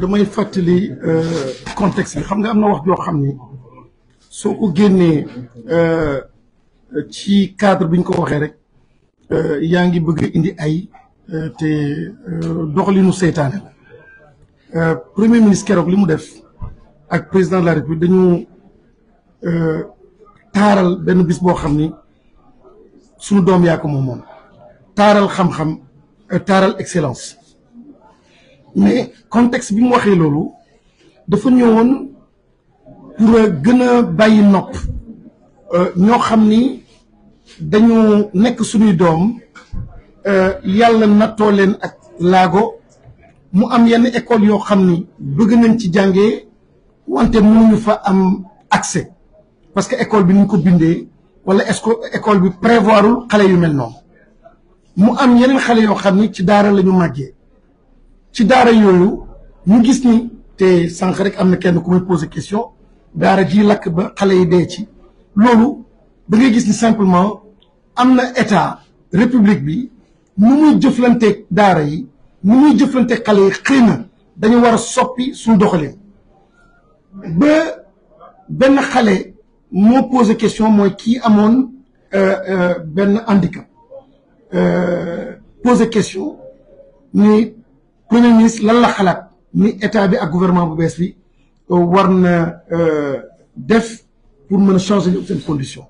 damay fàttali euh, contexte bi xam nga am na wax joo xam ni soo ko génnee euh, ci cadre bi ñu ko waxee rek euh, yaa ngi bëgg indi ay te doxalinu seytaane la premier ministre keroog li mu def ak président de la république dañu taaral benn bis boo xam ni suñu doom yaa ko moom moom taaral xam-xam taaral excellence mais contexte bi mu waxee loolu dafa ñëwoon pour euh, gën a bàyyi nopp euh, ñoo xam ni dañu nekk suñuy doom euh, yàlla nattoo leen ak laago mu am yenn école yoo xam ni bëgg nañ ci jànge wante mënuñu fa am accès parce que école bi ni ko bindee wala est-ce que école bi prévoirul xale yu mel noonu mu am yeneen xale yoo xam ni ci daara la ñu màggee ci daara yooyu ñu gis ni te sànq rek am na kenn ku may posé question daara ji lakk ba xale yi dee ci loolu ba ngay gis ni simplement am na état république bi nu muy jëflanteeg daara yi nu muy jëflanteeg xale yi xëy na dañu war a soppi suñu doxalin ba benn xale moo posé question mooy kii amoon euh, euh, benn handicap euh, posé question ni premier ministre lan la xalaat ni état bi ak gouvernement bu bees bi euh, war na euh, def pour mën a changer ñu seen condition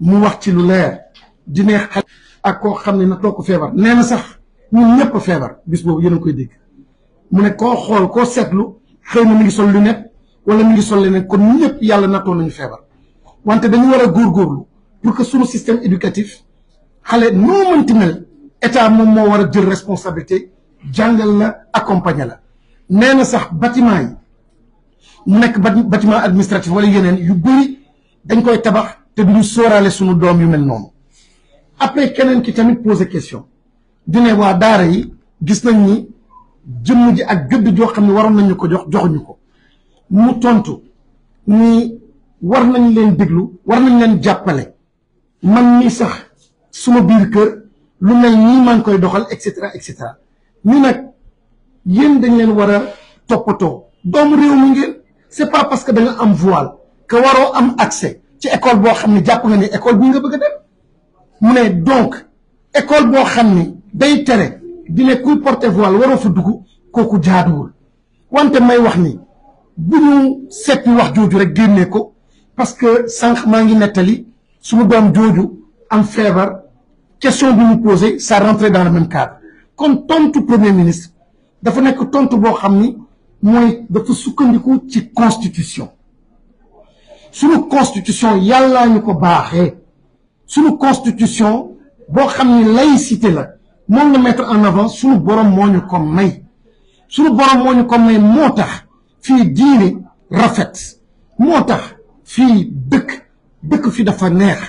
mu wax ci lu leer di ne xale ak koo xam ne na toog ko feebar nee na sax ñun ñëpp feebar bis boobu yéen a koy dégg mu ne koo xool koo seetlu xëy na mi ngi sol lunette wala mi ngi sol leneen kon ñun yàlla nattoo nañu feebar wante dañu war a góorgóorlu pour que suñu système éducatif xale noo mënti mel état moom moo war a jël responsabilité jàngal la accompagner la nee na sax bâtiment yi mu nekk bâtiment administratif wala yeneen yu bëri dañ koy tabax te duñu sóoraale suñu doom yu mel noonu après keneen ki tamit posé question dine waa daara yi gis nañ ni jëmm ji ak gëdd joo xam ne waroon nañu ko jox joxuñu ko mu tontu ni war nañ leen déglu war nañ leen jàppale man mii sax suma biir kër lu mel nii maa ngi koy doxal et cetera et cetera ñu nag yéen dañ leen war a toppatoo doomu réew mu ngeen c'est pas parce que da am voile que waroo am accès ci école boo xam ne jàpp nga ni école bu nga bëgg a dem mu ne donc école boo xam ni day tere dina ne kuy porter voile waroo fa dugg kooku jaaduwul wante may wax ni bu ñu seppi wax jooju rek génnee ko parce que sànq maa ngi nettali su mu doom jooju am feebar question du mu posé ça rentrait dans le même cadre kon tontu premier ministre dafa nekk tontu boo xam ni mooy dafa sukkandiku ci constitution suñu constitution yàlla ñu ko baaxee suñu constitution boo xam ni laïcité la moom la mettre en avant suñu borom moo ñu ko may suñu borom moo ñu ko may moo tax fii diine rafet moo tax fii dëkk dëkk fi dafa neex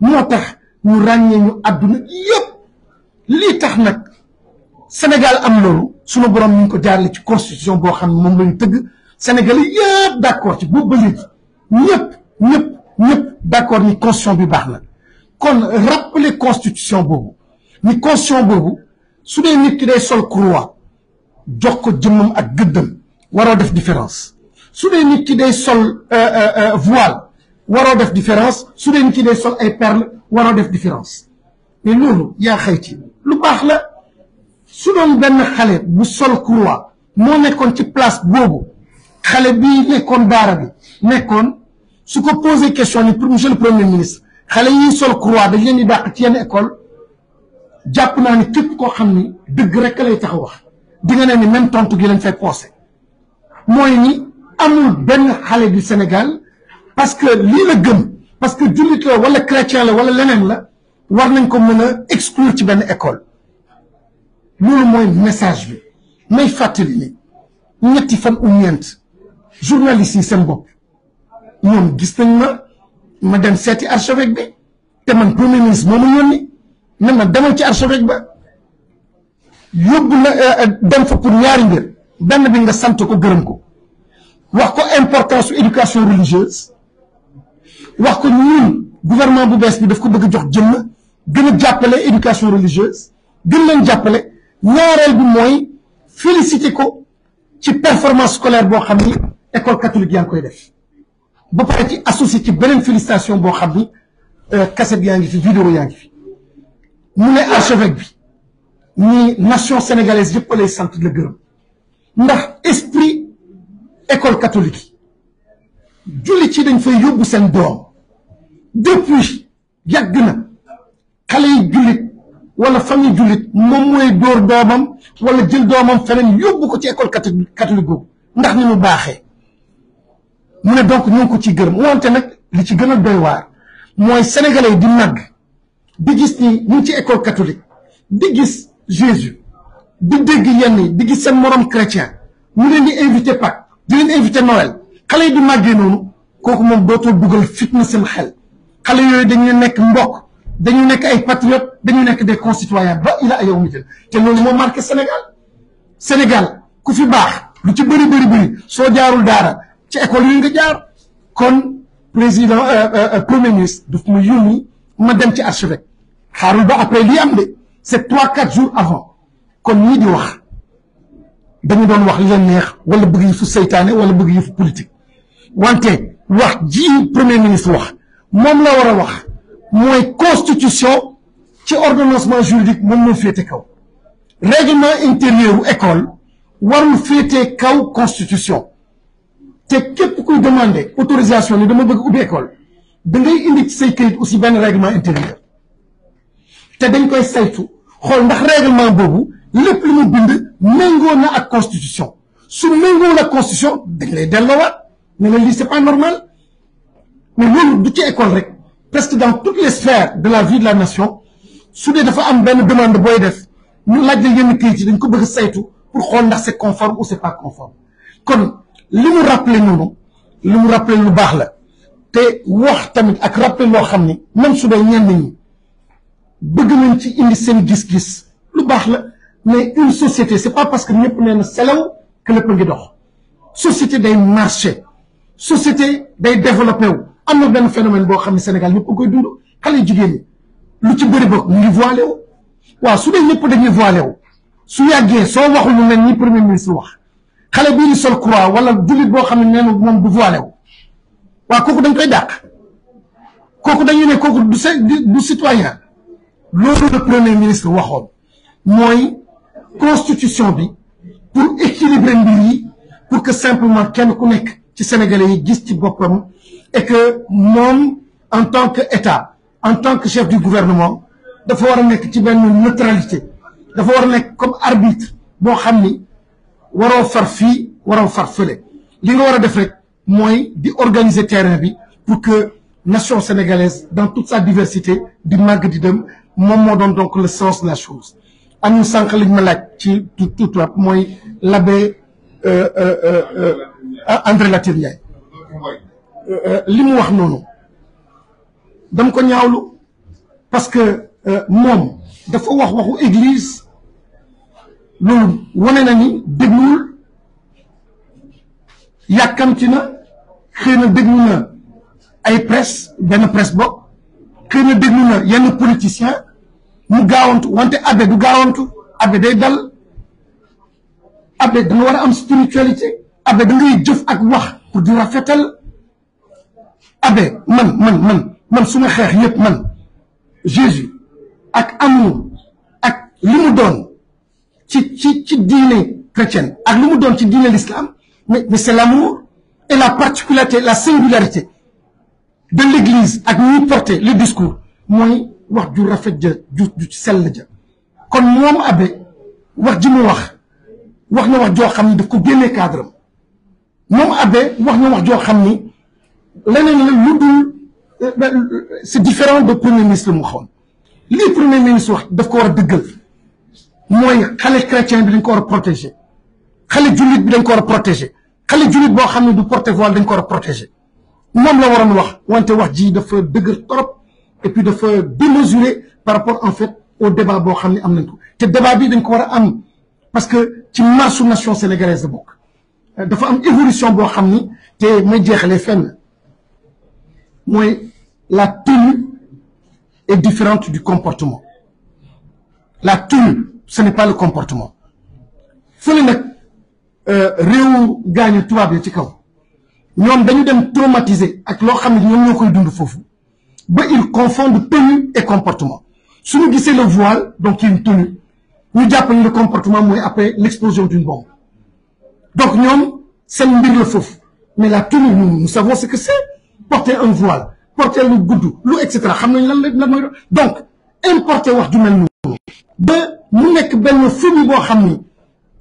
moo tax ñu ràññee ñu àdduna yépp lii tax nag Sénégal am loolu sunu borom ñu ngi ko jaarale ci constitution boo xam ne moom la ñu tëgg Sénégalais yëpp d' accord ci boobu ba léegi ñëpp ñëpp ñëpp d' accord ni constitution bi baax na kon rappeler constitution boobu ni constitution boobu su dee nit ki day sol croix jox ko jëmmam ak gëddam waroo def différence su dee nit ki day sol euh, euh, euh, voile waroo def différence su dee nit ki day sol ay perles waroo def différence mais loolu yaa lu baax su doon benn xale bu sol croix moo nekkoon ci place boobu xale bi nekkoon daara bi nekkoon su ko posé question ni monsieur le premier ministre xale yi sol croix dañ leen di dàq ci yenn école jàpp naa ni képp koo xam ni dëgg rek lay tax wax di nga ne ni même tontu gi lañ fay posé mooy ni amul benn xale du Sénégal parce que lii la gëm parce que jullit la wala chrétien la wala leneen la war nañ ko mën a exclure ci benn école loolu mooy message bi may fàttali ni ñetti fan u ñeent journaliste yi seen bopp gis nañ ma ma dem seeti archevêque bi te man premier ministre moo ni yónni ne demal ci archevêque ba yóbbu na euh, euh, fa pour ñaari mbir benn bi nga sant ko gërëm ko wax ko importance su éducation religieuse wax ko ñun gouvernement bu bees bi daf ko bëgg a jox jëmm gën a jàppale éducation religieuse gën leen jàppale ñaareel bi mooy félicité ko ci performance scolaire boo xam ni école catholique yaa ngi koy def ba pare ci associé ci beneen félicitation boo xam ni euh, cassette yaa ngi fi vidéo yaa ngi fi mu ne archevêque bi ni nation sénégalaise yëpp lay sant la gërëm ndax esprit école catholique yi ci dañ fay yóbbu seen doom depuis yàgg na xale yi jullit wala famille jullit moom mooy dóor doomam wala jël doomam feneen yóbbu ko ci école catholique boobu ndax ni mu baaxee mu ne donc ñoo ngi ko ciy gërëm te nag li ci gën a doy waar mooy sénégalais di màgg di gis ni mu ci école catholique di gis Jésus di dégg yenn yi di gis seen morom chrétien mu leen di invité Pâques di leen invité Noël xale yi di màggee noonu kooku moom dootoo dugal fitna seen xel xale yooyu dañuy nekk mbokk dañu nekk ay patriotes dañu nekk des concitoyens ba yow yawmitin te loolu moo marqué Sénégal Sénégal ku fi baax lu ci bëri bëri bëri soo jaarul daara ci école yi nga jaar kon président euh, euh, euh, premier ministre daf mu yónni ma dem ci archevêque xaarul ba après lii am de c'est trois quatre jours avant kon ñii di wax dañu doon wax li leen neex wala bëgg yëfu seytaane wala bëgg yëfu politique wante wax ji premier ministre wax moom la war a wax mooy constitution ci ordonnancement juridique moom moo féete kaw règlement intérieur u école warul féete kaw constitution te képp kuy demandé autorisation ni dama bëgg ubbi école da ngay indi ci say aussi benn règlement intérieur te dañ koy saytu xool ndax règlement boobu lépp lu mu bind méngoo na ak constitution su méngoo na constitution dañ lay delloowaat ne la lii c'est pas normal mais loolu du ci école rek presque dans toutes les sphères de la vie de la nation su dee dafa am benn demande booy def ñu laaj la yenn kayit yi dañ ko bëgg a saytu pour xool ndax c'est conforme ou c'est pas conforme kon li mu rappelé noonu li mu rappelé lu baax la te wax tamit ak rappelé loo xam ni même su dee ñenn ñi bëgg nañ ci indi seen gis-gis lu baax la mais une société c'est pas parce que ñëpp nee na que lépp a ngi dox société day marché société day développé wu am na benn phénomène boo xam ne Sénégal ñëpp a koy dund xale jigéen ñi lu ci bëri bokk mu ngi voilé wu waaw su dee ñëpp dañuy voilé wu su yàggee soo waxul lu mel ni premier ministre wax xale bii di sol croix wala jullit boo xam ne nee na moom du voilé wu waaw kooku dañ koy dàq kooku dañu ne kooku du du citoyen loolu le premier ministre waxoon mooy constitution bi pour équilibrer mbir yi pour que simplement kenn ku nekk ci sénégalais yi gis ci boppam et que moom en tant que état en tant que chef du gouvernement dafa war a nekk ci benn neutralité dafa war a nekk comme arbitre boo xam ni waroo far fii waroo far fële li nga war a def mooy di organiser terrain bi pour que nation sénégalaise dans toute sa diversité di màgg di dem moom moo doon donc le sens de la chose am na sànq lañ ma laaj ci tout tout mooy l'abbé euh, euh, euh, André la Ndiaye Euh, euh, li mu wax noonu dam ko ñaawlu parce que euh, moom dafa wax waxu église loolu wane na ni dégluwul yàkkamti na xëy na déglu na ay presse benn presse bopp xëy na déglu na yenn politicien mu gaawantu wante abbé du gaawantu abbé day dal abbé danga war am spiritualité abbé da jëf ak wax pour di rafetal abbé man man man man su ma xeex yëpp man Jésus ak amour ak li mu doon ci ci ci diine chrétienne ak li mu doon ci diine l'islam mais mais c'est l'amour et la particularité la singularité de l'église ak ñuy porter le discours mooy wax ju rafet ja ju ju sell ja kon moom abbé wax ji mu wax wax na wax joo xam ni daf ko génnee cadre am moom abbé wax na wax joo xam ni leneen la lu dul euh, euh, c'est différent de premier ministre mu waxoon lii premier ministre wax daf ko war a dëggal mooy xale chrétien bi dañ ko war a protéger xale jullit bi dañ ko war a protéger xale jullit boo xam ne du porte voile dañ ko war a protéger moom la wax wante wax ji dafa dëgër trop et puis dafa démesuré par rapport en fait au débat boo xam ne am nañ ko te débat bi dañ ko war a am parce que ci marsu nation sénégalaise la bokk euh, dafa am évolution boo xam ni te may jeexalee fenn mooy la tenue est différente du comportement la tenue ce n'est pas le comportement fële nag euh, réewu gaañu tubaab ya ci kaw ñoom dañu dem traumatiser ak loo xam ne ñoom ñoo koy dund foofu ba ils confondent tenue et comportement suñu gisee le voile donc une tenue ñu jàpp ne le comportement mooy après l'explosion d'une bombe donc ñoom se mbir la foofu mais la tenue nous savons ce que c'est porter un voile porter lu gudd lu et cetera xam nañ lan lan mooy donc importer wax ju mel noonu ba mu nekk benn phobie boo xam ni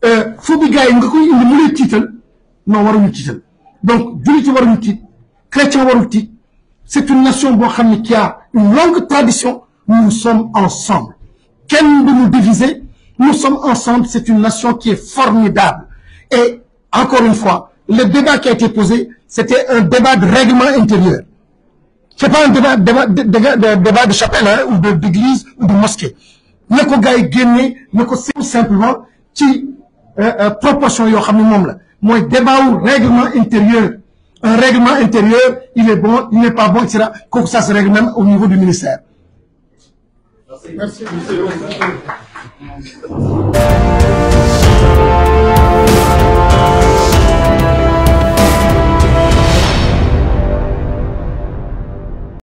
euh, phobie yi nga koy indi mu lay tiital non waruñu tiital donc jullit yi waruñu tiit chrétien warul tiit c'est une nation boo xam ni qui a une longue tradition nous sommes ensemble kenn du ñu diviser nous sommes ensemble c'est une nation qui est formidable et encore une fois le débat qui a été posé, c'était un débat de règlement intérieur. Ce n'est pas un débat, débat, de chapelle ou d'église ou de mosquée. Ne ko gars yi ne ko simplement ci euh, euh, proportion yoo xam ne moom la mooy débat wu règlement intérieur un règlement intérieur il est bon il n'est pas bon et cetera niveau du ministère.